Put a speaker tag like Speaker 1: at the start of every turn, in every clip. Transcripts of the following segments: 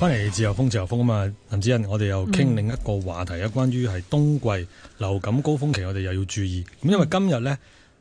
Speaker 1: 翻嚟自由風，自由風啊嘛！林子恩，我哋又傾另一個話題啊，嗯、關於係冬季流感高峰期，我哋又要注意。咁因為今日呢，誒、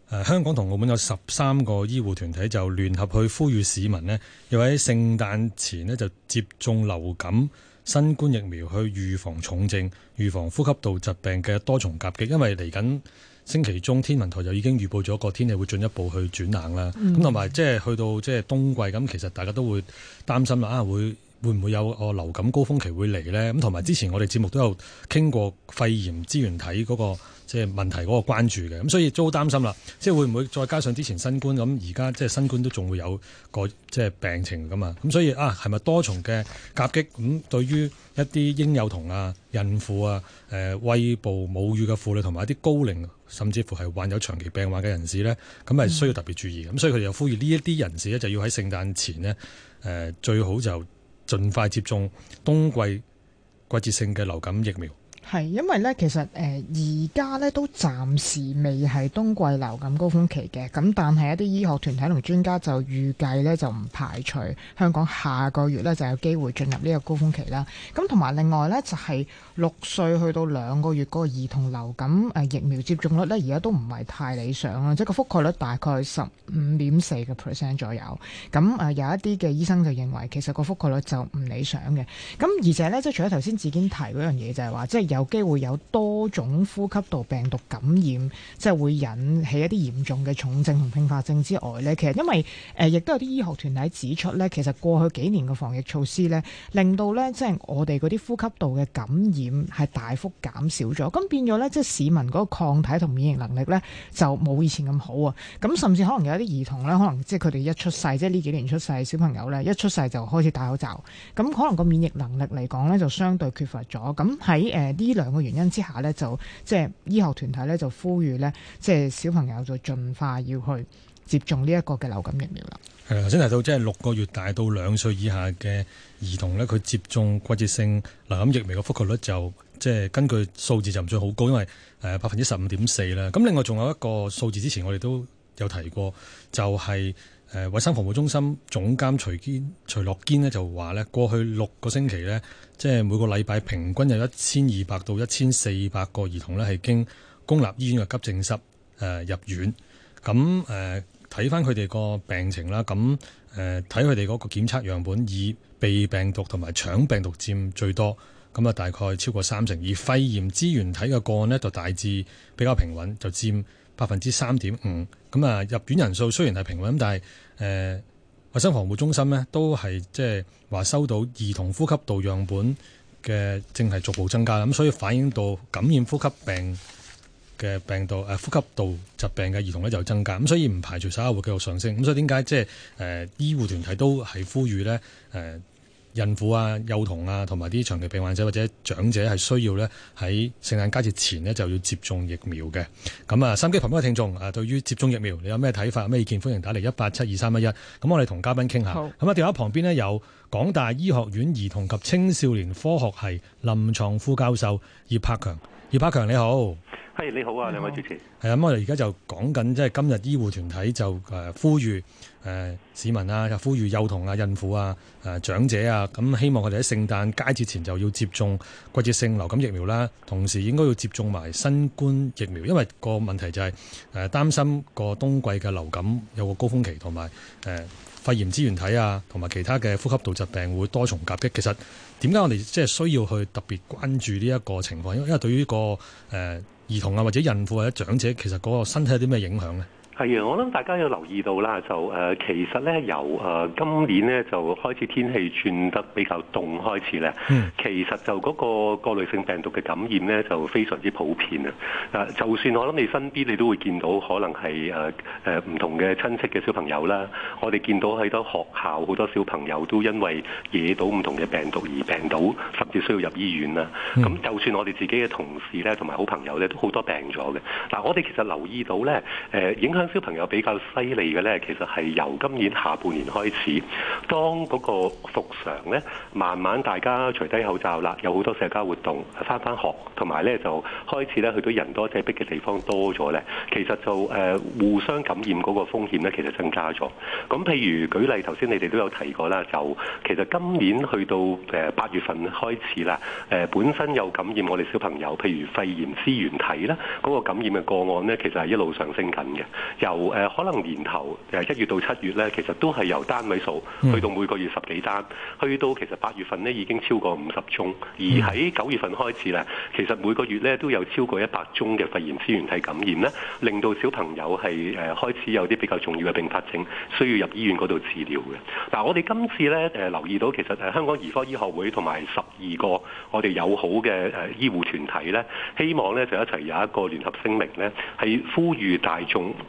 Speaker 1: 呃，香港同澳門有十三個醫護團體就聯合去呼籲市民呢，要喺聖誕前呢就接種流感新冠疫苗，去預防重症，預防呼吸道疾病嘅多重夾擊。因為嚟緊星期中，天文台就已經預報咗個天氣會進一步去轉冷啦。咁同埋即係去到即係冬季，咁其實大家都會擔心啦、啊，會。會唔會有個流感高峰期會嚟呢？咁同埋之前我哋節目都有傾過肺炎支原體嗰個即係問題嗰個關注嘅，咁所以都好擔心啦。即係會唔會再加上之前新冠咁，而家即係新冠都仲會有個即係病情㗎嘛？咁所以啊，係咪多重嘅夾擊？咁對於一啲嬰幼童啊、孕婦啊、誒餵哺母乳嘅婦女，同埋一啲高齡甚至乎係患有長期病患嘅人士呢，咁係需要特別注意嘅。咁、嗯、所以佢哋又呼籲呢一啲人士呢，就要喺聖誕前呢，誒最好就。盡快接種冬季季節性嘅流感疫苗。
Speaker 2: 係，因為咧，其實誒而家咧都暫時未係冬季流感高峰期嘅，咁但係一啲醫學團體同專家就預計咧就唔排除香港下個月咧就有機會進入呢個高峰期啦。咁同埋另外咧就係、是、六歲去到兩個月個兒童流感誒疫苗接種率咧，而家都唔係太理想啦，即係個覆蓋率大概十五點四個 percent 左右。咁誒、呃、有一啲嘅醫生就認為其實個覆蓋率就唔理想嘅。咁而且咧即係除咗頭先自己提嗰樣嘢就係話即係有。有機會有多種呼吸道病毒感染，即係會引起一啲嚴重嘅重症同併發症之外呢，其實因為誒亦都有啲醫學團體指出呢，其實過去幾年嘅防疫措施呢，令到呢，即係我哋嗰啲呼吸道嘅感染係大幅減少咗，咁變咗呢，即係市民嗰個抗體同免疫能力呢就冇以前咁好啊，咁甚至可能有一啲兒童呢，可能即係佢哋一出世，即係呢幾年出世嘅小朋友呢，一出世就開始戴口罩，咁可能個免疫能力嚟講呢，就相對缺乏咗，咁喺誒啲。呃呢兩個原因之下呢就即係醫學團體咧就呼籲呢，即係小朋友就盡快要去接種呢一個嘅流感疫苗啦。
Speaker 1: 係頭先提到，即係六個月大到兩歲以下嘅兒童呢，佢接種季節性流感疫苗嘅覆蓋率就即係、就是、根據數字就唔算好高，因為誒百分之十五點四啦。咁另外仲有一個數字，之前我哋都有提過，就係、是。誒，衞、呃、生防護中心總監徐堅、徐樂堅咧就話咧，過去六個星期咧，即係每個禮拜平均有一千二百到一千四百個兒童咧係經公立醫院嘅急症室誒、呃、入院。咁誒，睇翻佢哋個病情啦，咁誒睇佢哋嗰個檢測樣本，以鼻病毒同埋腸病毒佔最多。咁啊，大概超過三成。以肺炎支原體嘅個案咧，就大致比較平穩，就佔百分之三點五，咁啊入院人數雖然係平穩，咁但係誒衞生防護中心呢都係即係話收到兒童呼吸道樣本嘅正係逐步增加，咁所以反映到感染呼吸病嘅病毒誒、呃、呼吸道疾病嘅兒童咧就增加，咁所以唔排除稍後會繼續上升，咁所以點解即係誒醫護團體都係呼籲咧誒，呃孕婦啊、幼童啊，同埋啲長期病患者或者長者係需要咧喺聖誕佳節前呢，就要接種疫苗嘅。咁啊，心機旁邊嘅聽眾啊，對於接種疫苗你有咩睇法、咩意見？歡迎打嚟一八七二三一一。咁我哋同嘉賓傾下。咁啊好，電話旁邊呢，有港大醫學院兒童及青少年科學系臨床副教授葉柏強。葉柏強你好，
Speaker 3: 係、hey，你好啊，兩好位主持
Speaker 1: 係啊、咁、嗯，我哋而家就講緊，即係今日醫護團體就誒呼籲誒、呃、市民啊，呼籲幼童啊、孕婦啊、誒、呃、長者啊，咁、嗯、希望佢哋喺聖誕佳節前就要接種季節性流感疫苗啦，同時應該要接種埋新冠疫苗，因為個問題就係誒擔心個冬季嘅流感有個高峰期同埋誒。肺炎支原體啊，同埋其他嘅呼吸道疾病會多重夾擊。其實點解我哋即係需要去特別關注呢一個情況？因為因為對於個誒兒童啊，或者孕婦或者長者，其實嗰個身體有啲咩影響呢？
Speaker 3: 係啊，我諗大家要留意到啦，就、呃、其實咧由誒、呃、今年咧就開始天氣轉得比較凍開始咧，其實就嗰、那個個過濾性病毒嘅感染咧就非常之普遍啊、呃，就算我諗你身邊你都會見到，可能係誒唔同嘅親戚嘅小朋友啦，我哋見到喺多學校好多小朋友都因為惹到唔同嘅病毒而病倒，甚至需要入醫院啦。咁的就算我哋自己嘅同事咧同埋好朋友咧都好多病咗嘅。嗱、呃，我哋其實留意到咧、呃、影響，小朋友比較犀利嘅呢，其實係由今年下半年開始，當嗰個復常呢，慢慢大家除低口罩啦，有好多社交活動，返返學，同埋呢就開始呢去到人多擠逼嘅地方多咗呢，其實就、呃、互相感染嗰個風險呢，其實增加咗。咁譬如舉例，頭先你哋都有提過啦，就其實今年去到八月份開始啦、呃，本身有感染我哋小朋友，譬如肺炎支原體啦，嗰、嗰個感染嘅個案呢，其實係一路上升緊嘅。由誒、呃、可能年頭誒一月到七月咧，其實都係由單位數去到每個月十幾單，去到其實八月份呢已經超過五十宗，而喺九月份開始咧，其實每個月咧都有超過一百宗嘅肺炎支原體感染咧，令到小朋友係誒、呃、開始有啲比較重要嘅併發症，需要入醫院嗰度治療嘅。嗱、啊，我哋今次咧誒、呃、留意到，其實誒香港兒科醫學會同埋十二個我哋友好嘅誒、呃、醫護團體咧，希望咧就一齊有一個聯合聲明咧，係呼籲大眾。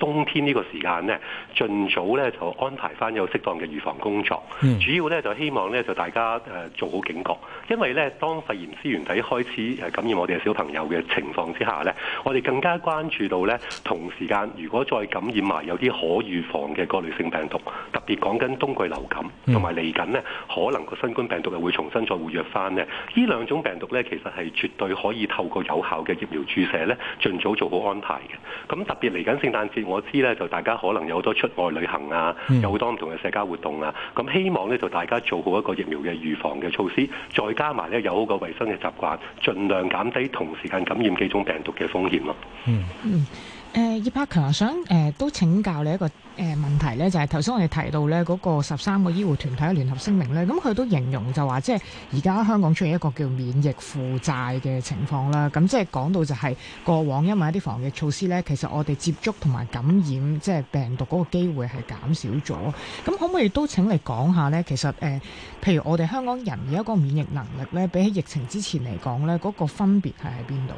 Speaker 3: 冬天呢個時間咧，盡早咧就安排翻有適當嘅預防工作。主要咧就希望咧就大家誒、呃、做好警覺，因為咧當肺炎支原體開始感染我哋嘅小朋友嘅情況之下咧，我哋更加關注到咧同時間如果再感染埋有啲可預防嘅過濾性病毒，特別講緊冬季流感，同埋嚟緊咧可能個新冠病毒又會重新再活躍翻咧。呢兩種病毒咧其實係絕對可以透過有效嘅疫苗注射咧，盡早做好安排嘅。咁特別嚟緊聖誕節。我知咧，就大家可能有好多出外旅行啊，有好多唔同嘅社交活動啊，咁希望咧就大家做好一個疫苗嘅預防嘅措施，再加埋咧有好個衛生嘅習慣，盡量減低同時間感染幾種病毒嘅風險咯。嗯。
Speaker 2: 誒葉柏強，想誒、呃、都請教你一個誒、呃、問題咧，就係頭先我哋提到咧嗰個十三個醫護團體嘅聯合聲明咧，咁佢都形容就話，即係而家香港出現一個叫免疫負債嘅情況啦。咁即係講到就係過往因為一啲防疫措施咧，其實我哋接觸同埋感染即係、就是、病毒嗰個機會係減少咗。咁可唔可以都請你講下咧？其實誒、呃，譬如我哋香港人而家個免疫能力咧，比起疫情之前嚟講咧，嗰、那個分別係喺邊度？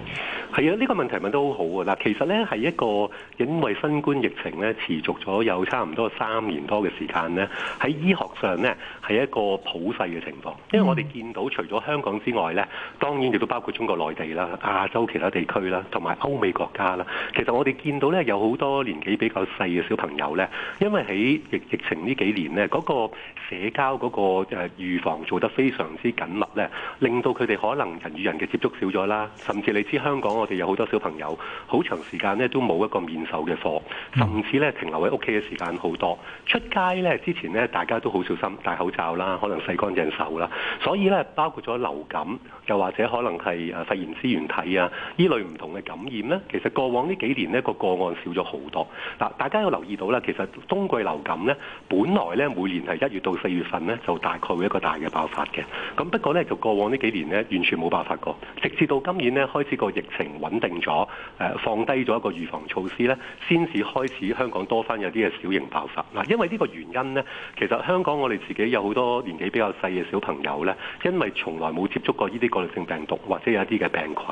Speaker 2: 係啊，呢、
Speaker 3: 這個問題問都好啊。嗱，其實咧係一個。個因為新冠疫情咧持續咗有差唔多三年多嘅時間咧，喺醫學上咧係一個普世嘅情況，因為我哋見到除咗香港之外咧，當然亦都包括中國內地啦、亞洲其他地區啦，同埋歐美國家啦。其實我哋見到有好多年紀比較細嘅小朋友，因為喺疫疫情呢幾年咧，嗰個社交嗰個預防做得非常之緊密，令到佢哋可能人與人嘅接觸少咗啦，甚至你知香港我哋有好多小朋友好長時間咧都冇冇一個面授嘅課，嗯、甚至咧停留喺屋企嘅時間好多。出街咧之前咧，大家都好小心戴口罩啦，可能洗乾淨手啦。所以咧，包括咗流感，又或者可能係肺炎支原體啊，呢類唔同嘅感染咧，其實過往呢幾年呢，個個案少咗好多。嗱，大家有留意到啦，其實冬季流感咧，本來咧每年係一月到四月份咧，就大概會一個大嘅爆發嘅。咁不過咧，就過往呢幾年咧，完全冇爆發過，直至到今年咧開始個疫情穩定咗、呃，放低咗一個預防。措施呢，先至開始香港多翻有啲嘅小型爆發。嗱，因為呢個原因呢，其實香港我哋自己有好多年紀比較細嘅小朋友呢，因為從來冇接觸過呢啲過濾性病毒或者有一啲嘅病菌，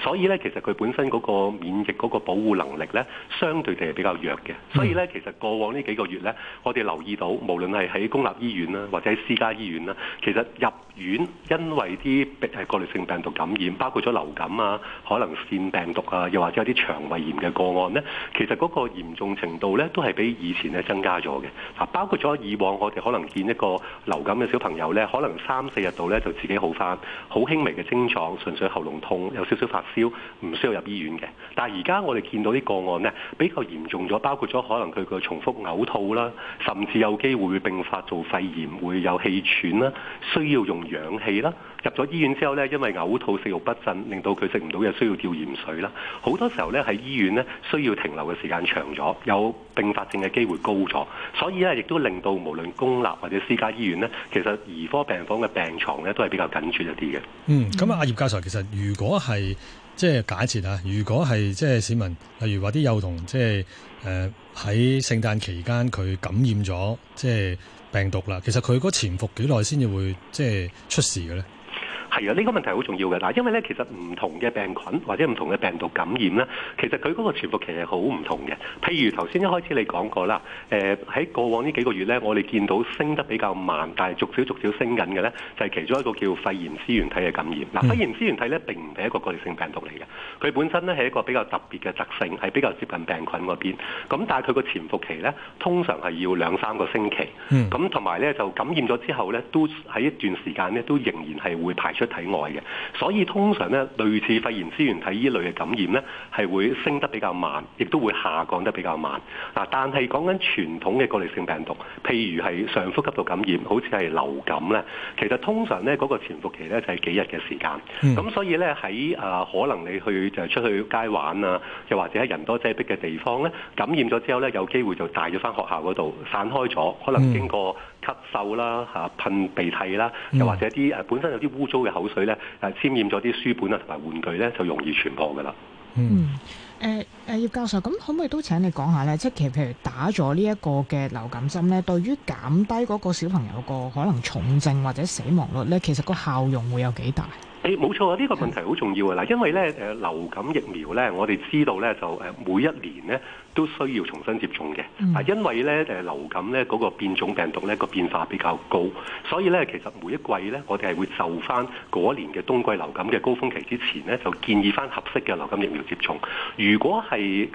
Speaker 3: 所以呢，其實佢本身嗰個免疫嗰個保護能力呢，相對地係比較弱嘅。所以呢，其實過往呢幾個月呢，我哋留意到，無論係喺公立醫院啦，或者私家醫院啦，其實入院因為啲誒過濾性病毒感染，包括咗流感啊，可能腺病毒啊，又或者有啲腸胃炎嘅案呢，其實嗰個嚴重程度呢，都係比以前呢增加咗嘅。嗱，包括咗以往我哋可能見一個流感嘅小朋友呢，可能三四日度呢就自己好返，好輕微嘅症狀，純粹喉嚨痛，有少少發燒，唔需要入醫院嘅。但係而家我哋見到啲個案呢比較嚴重咗，包括咗可能佢個重複嘔吐啦，甚至有機會併發做肺炎，會有氣喘啦，需要用氧氣啦。入咗醫院之後呢，因為嘔吐、食慾不振，令到佢食唔到嘢，需要吊鹽水啦。好多時候呢，喺醫院呢，需要停留嘅時間長咗，有併發症嘅機會高咗，所以咧亦都令到無論公立或者私家醫院呢，其實兒科病房嘅病床呢都係比較緊缺一啲嘅。嗯，
Speaker 1: 咁啊，阿葉教授，其實如果係即係假設啊，如果係即係市民，例如話啲幼童，即係喺、呃、聖誕期間佢感染咗即係病毒啦，其實佢嗰潛伏幾耐先至會即係出事嘅呢？
Speaker 3: 係啊，呢個問題好重要嘅。嗱，因為咧，其實唔同嘅病菌或者唔同嘅病毒感染咧，其實佢嗰個潛伏期係好唔同嘅。譬如頭先一開始你講過啦，誒、呃、喺過往呢幾個月咧，我哋見到升得比較慢，但係逐少逐少升緊嘅咧，就係、是、其中一個叫肺炎支原體嘅感染。嗱、嗯，肺炎支原體咧並唔係一個過濾性病毒嚟嘅，佢本身咧係一個比較特別嘅特性，係比較接近病菌嗰邊。咁但係佢個潛伏期咧，通常係要兩三個星期。咁同埋咧，就感染咗之後咧，都喺一段時間咧，都仍然係會排出體外嘅，所以通常咧類似肺炎支原體呢類嘅感染咧，係會升得比較慢，亦都會下降得比較慢。啊、但係講緊傳統嘅過濾性病毒，譬如係上呼吸道感染，好似係流感咧，其實通常咧嗰、那個潛伏期咧就係、是、幾日嘅時間。咁、mm. 所以咧喺、啊、可能你去就出去街玩啊，又或者喺人多擠逼嘅地方咧，感染咗之後咧有機會就帶咗返學校嗰度散開咗，可能經過。咳嗽啦，嚇噴鼻涕啦，又或者啲誒本身有啲污糟嘅口水咧，誒、啊、沾染咗啲書本啦同埋玩具咧，就容易傳播噶啦、嗯。
Speaker 2: 嗯誒誒、嗯，葉教授咁，那可唔可以都請你講一下咧？即係其實譬如打咗呢一個嘅流感針咧，對於減低嗰個小朋友個可能重症或者死亡率咧，其實個效用會有幾大？
Speaker 3: 冇、哎、錯啊！呢個問題好重要嘅啦，因為咧流感疫苗咧，我哋知道咧就每一年咧都需要重新接種嘅。啊，因為咧流感咧嗰個變種病毒咧個變化比較高，所以咧其實每一季咧我哋係會就翻嗰年嘅冬季流感嘅高峰期之前咧就建議翻合適嘅流感疫苗接種。如果係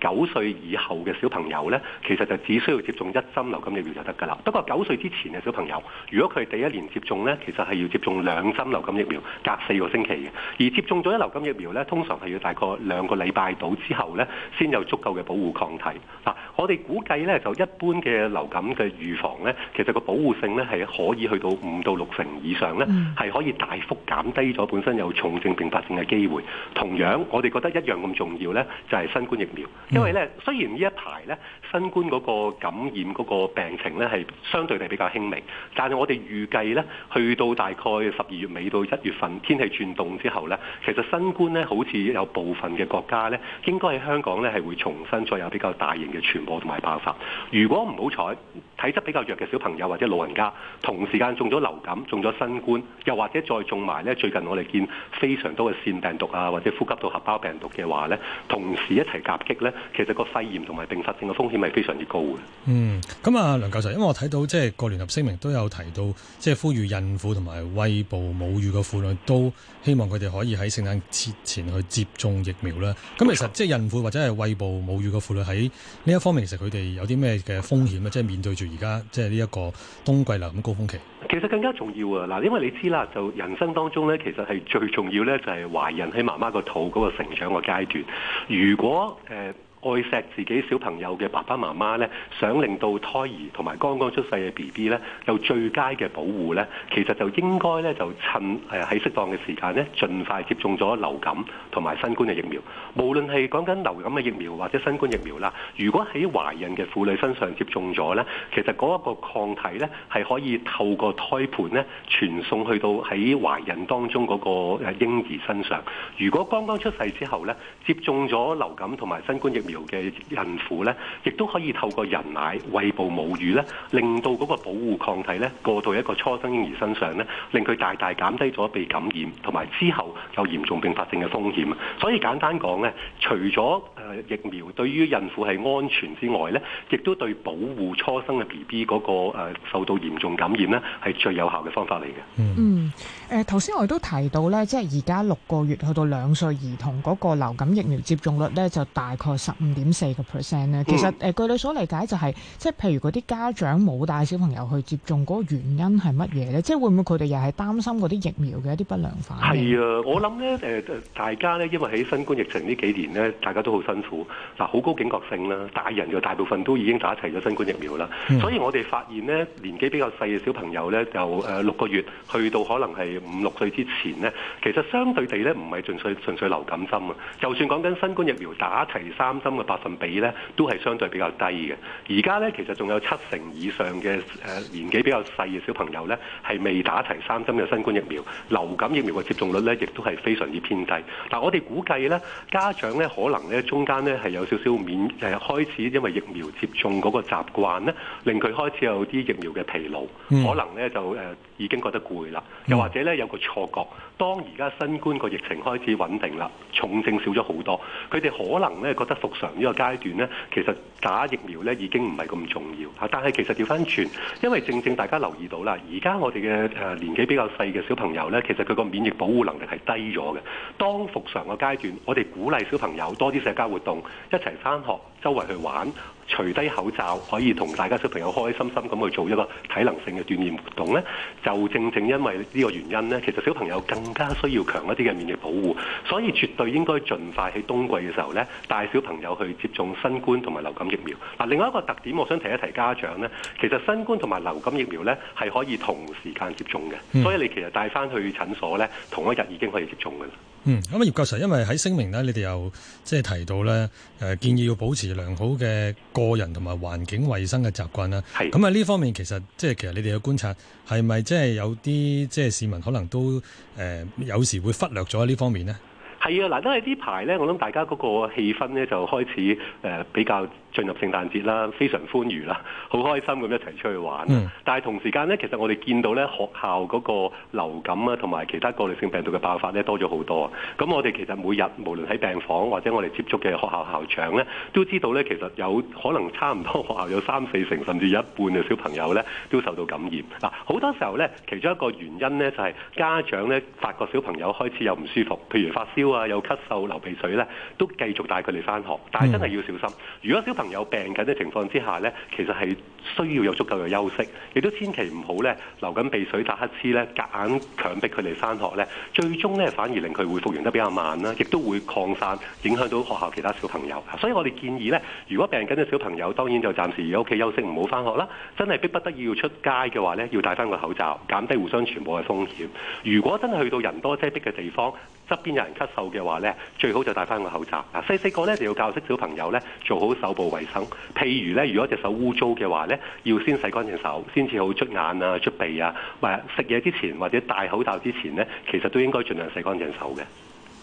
Speaker 3: 九歲以後嘅小朋友咧，其實就只需要接種一針流感疫苗就得㗎啦。不過九歲之前嘅小朋友，如果佢第一年接種咧，其實係要接種兩針流感疫苗。四個星期，而接種咗流感疫苗呢，通常係要大概兩個禮拜到之後呢，先有足夠嘅保護抗體。嗱、啊，我哋估計呢，就一般嘅流感嘅預防呢，其實個保護性呢，係可以去到五到六成以上呢，係可以大幅減低咗本身有重症併發症嘅機會。同樣，我哋覺得一樣咁重要呢，就係、是、新冠疫苗，因為呢，雖然呢一排呢，新冠嗰個感染嗰個病情呢，係相對地比較輕微，但係我哋預計呢，去到大概十二月尾到一月份。天氣轉凍之後呢，其實新冠呢，好似有部分嘅國家呢，應該喺香港呢，係會重新再有比較大型嘅傳播同埋爆發。如果唔好彩，體質比較弱嘅小朋友或者老人家，同時間中咗流感、中咗新冠，又或者再中埋呢，最近我哋見非常多嘅腺病毒啊，或者呼吸道合胞病毒嘅話呢，同時一齊夾擊呢，其實個肺炎同埋併發症嘅風險係非常之高嘅。嗯，
Speaker 1: 咁啊，梁教授，因為我睇到即係個聯合聲明都有提到，即係呼籲孕婦同埋餵哺母乳嘅婦女都希望佢哋可以喺聖誕節前去接種疫苗啦。咁其實即係孕婦或者係餵哺母乳嘅婦女喺呢一方面，其實佢哋有啲咩嘅風險啊？即係面對住而家即係呢一個冬季流感高峰期。
Speaker 3: 其實更加重要啊！嗱，因為你知啦，就人生當中咧，其實係最重要咧，就係懷孕喺媽媽個肚嗰個成長個階段。如果誒。呃愛錫自己小朋友嘅爸爸媽媽呢，想令到胎兒同埋剛剛出世嘅 BB 呢，有最佳嘅保護呢，其實就應該呢，就趁誒喺適當嘅時間呢，盡快接種咗流感同埋新冠嘅疫苗。無論係講緊流感嘅疫苗或者新冠疫苗啦，如果喺懷孕嘅婦女身上接種咗呢，其實嗰一個抗體呢係可以透過胎盤呢傳送去到喺懷孕當中嗰個誒嬰兒身上。如果剛剛出世之後呢，接種咗流感同埋新冠疫苗，嘅孕婦咧，亦都可以透過人奶、餵哺母乳咧，令到嗰個保護抗體咧過到一個初生嬰兒身上咧，令佢大大減低咗被感染同埋之後有嚴重併發症嘅風險。所以簡單講咧，除咗誒疫苗對於孕婦係安全之外咧，亦都對保護初生嘅 BB 嗰個誒受到嚴重感染咧係最有效嘅方法嚟
Speaker 2: 嘅。嗯，誒頭先我都提到咧，即係而家六個月去到兩歲兒童嗰個流感疫苗接種率咧就大概十五點四個 percent 咧，其實誒據你所理解就係、是，即係譬如嗰啲家長冇帶小朋友去接種嗰、那個原因係乜嘢咧？即係會唔會佢哋又係擔心嗰啲疫苗嘅一啲不良反應？
Speaker 3: 係啊，我諗咧誒，大家咧因為喺新冠疫情呢幾年咧，大家都好辛苦嗱，好高警覺性啦，大人就大部分都已經打齊咗新冠疫苗啦，嗯、所以我哋發現咧年紀比較細嘅小朋友咧，由誒六個月去到可能係五六歲之前咧，其實相對地咧唔係純粹純粹流感針啊，就算講緊新冠疫苗打齊三針，嘅百分比咧，都係相對比較低嘅。而家咧，其實仲有七成以上嘅誒年紀比較細嘅小朋友咧，係未打齊三針嘅新冠疫苗。流感疫苗嘅接種率咧，亦都係非常之偏低。但我哋估計咧，家長咧可能咧中間咧係有少少免誒開始，因為疫苗接種嗰個習慣咧，令佢開始有啲疫苗嘅疲勞，可能咧就誒已經覺得攰啦。又或者咧有個錯覺，當而家新冠個疫情開始穩定啦，重症少咗好多，佢哋可能咧覺得復常呢個階段呢，其實打疫苗呢已經唔係咁重要吓，但係其實調返轉，因為正正大家留意到啦，而家我哋嘅誒年紀比較細嘅小朋友呢，其實佢個免疫保護能力係低咗嘅。當復常個階段，我哋鼓勵小朋友多啲社交活動，一齊返學，周圍去玩。除低口罩可以同大家小朋友開開心心咁去做一個體能性嘅鍛煉活動咧，就正正因為呢個原因咧，其實小朋友更加需要強一啲嘅免疫保護，所以絕對應該盡快喺冬季嘅時候咧，帶小朋友去接種新冠同埋流感疫苗。嗱，另外一個特點我想提一提家長咧，其實新冠同埋流感疫苗咧係可以同時間接種嘅，所以你其實帶翻去診所咧同一日已經可
Speaker 1: 以接種嘅啦。嗯，咁啊，葉教授，因為喺聲明咧，你哋又即係提到咧，誒建議要保持良好嘅個人同埋環境衛生嘅習慣啦。咁啊係，呢方面其實即係其實你哋嘅觀察係咪即係有啲即係市民可能都誒有時會忽略咗呢方面呢？
Speaker 3: 係啊，嗱，因為呢排咧，我諗大家嗰個氣氛咧就開始誒比較。進入聖誕節啦，非常歡愉啦，好開心咁一齊出去玩。Mm. 但係同時間呢，其實我哋見到呢學校嗰個流感啊，同埋其他過濾性病毒嘅爆發呢，多咗好多啊。咁我哋其實每日無論喺病房或者我哋接觸嘅學校校長呢，都知道呢，其實有可能差唔多學校有三四成甚至有一半嘅小朋友呢，都受到感染。嗱，好多時候呢，其中一個原因呢，就係、是、家長呢發覺小朋友開始有唔舒服，譬如發燒啊、有咳嗽、流鼻水呢，都繼續帶佢哋翻學，但係真係要小心。如果小朋有病緊嘅情況之下呢，其實係需要有足夠嘅休息，亦都千祈唔好咧，流緊鼻水打黑、打乞嗤咧，夾硬強迫佢哋返學呢最終呢，反而令佢會復原得比較慢啦，亦都會擴散，影響到學校其他小朋友。所以我哋建議呢，如果病緊嘅小朋友，當然就暫時喺屋企休息，唔好返學啦。真係逼不得已要出街嘅話呢，要戴翻個口罩，減低互相傳播嘅風險。如果真係去到人多擠迫嘅地方，側邊有人咳嗽嘅話呢，最好就戴翻個口罩。啊，細細個呢，就要教識小朋友呢，做好手部衛生。譬如呢，如果隻手污糟嘅話呢，要先洗乾淨手，先至好捽眼啊、捽鼻啊，或食嘢之前或者戴口罩之前呢，其實都應該盡量洗乾淨手嘅。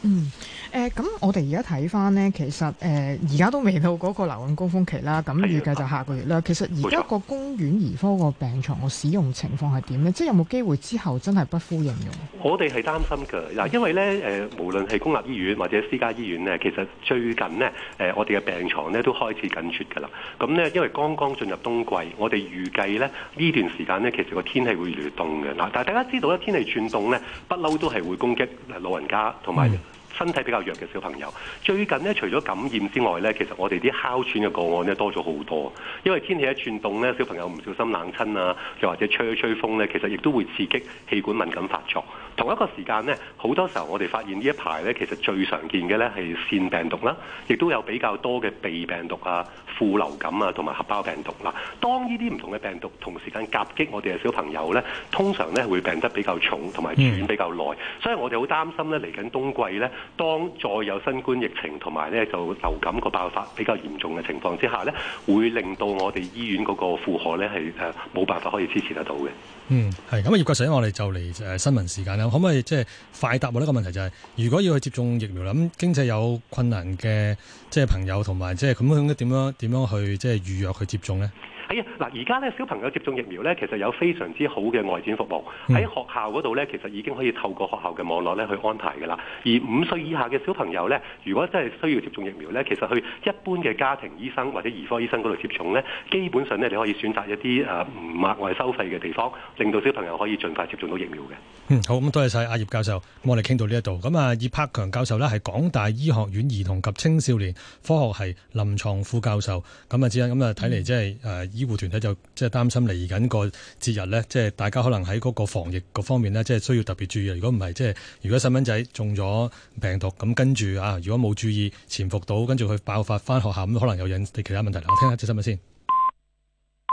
Speaker 2: 嗯，誒、呃、咁，我哋而家睇翻呢，其實誒而家都未到嗰個流感高峰期啦，咁預計就下個月啦。啊、其實而家個公院兒科個病床個使用情況係點呢？錯即係有冇機會之後真係不敷應用？
Speaker 3: 我哋係擔心㗎，嗱，因為咧誒、呃，無論係公立醫院或者私家醫院咧，其實最近呢，誒、呃，我哋嘅病床咧都開始緊缺㗎啦。咁呢，因為剛剛進入冬季，我哋預計呢，呢段時間呢，其實個天氣會越嚟越凍嘅。嗱，但大家知道咧，天氣轉凍呢，不嬲都係會攻擊老人家同埋。嗯身體比較弱嘅小朋友，最近咧除咗感染之外呢，其實我哋啲哮喘嘅個案咧多咗好多，因為天氣一轉凍呢，小朋友唔小心冷親啊，又或者吹一吹風呢，其實亦都會刺激氣管敏感發作。同一個時間呢，好多時候我哋發現呢一排呢，其實最常見嘅呢係腺病毒啦，亦都有比較多嘅鼻病毒啊。副流感啊，同埋合胞病毒啦。當呢啲唔同嘅病毒同時間夾擊我哋嘅小朋友呢，通常呢會病得比較重，同埋住院比較耐。嗯、所以我哋好擔心呢，嚟緊冬季呢，當再有新冠疫情同埋呢就流感個爆發比較嚴重嘅情況之下呢，會令到我哋醫院嗰個負荷呢係誒冇辦法可以支持得到嘅。
Speaker 1: 嗯，係。咁啊，葉教授，我哋就嚟新聞時間啦。可唔可以即係快答我呢個問題，就係，就係如果要去接種疫苗啦，咁經濟有困難嘅即係朋友同埋即係咁樣點樣？點樣去即係預約去接種呢？
Speaker 3: 嗱，而家咧小朋友接種疫苗咧，其實有非常之好嘅外展服務喺學校嗰度咧，其實已經可以透過學校嘅網絡咧去安排嘅啦。而五歲以下嘅小朋友咧，如果真係需要接種疫苗咧，其實去一般嘅家庭醫生或者兒科醫生嗰度接種咧，基本上咧你可以選擇一啲誒唔額外收費嘅地方，令到小朋友可以盡快接種到疫苗嘅。嗯，
Speaker 1: 好，咁多謝晒阿葉教授，我哋傾到呢一度。咁啊，葉柏強教授咧係港大醫學院兒童及青少年科學系臨牀副教授，咁啊之啊，咁啊睇嚟即係誒。呃醫護團體就即係擔心嚟緊個節日呢，即係大家可能喺嗰個防疫各方面呢，即係需要特別注意。如果唔係，即係如果細蚊仔中咗病毒，咁跟住啊，如果冇注意潛伏到，跟住佢爆發翻學校，咁可能有引起其他問題。我聽下隻新聞先。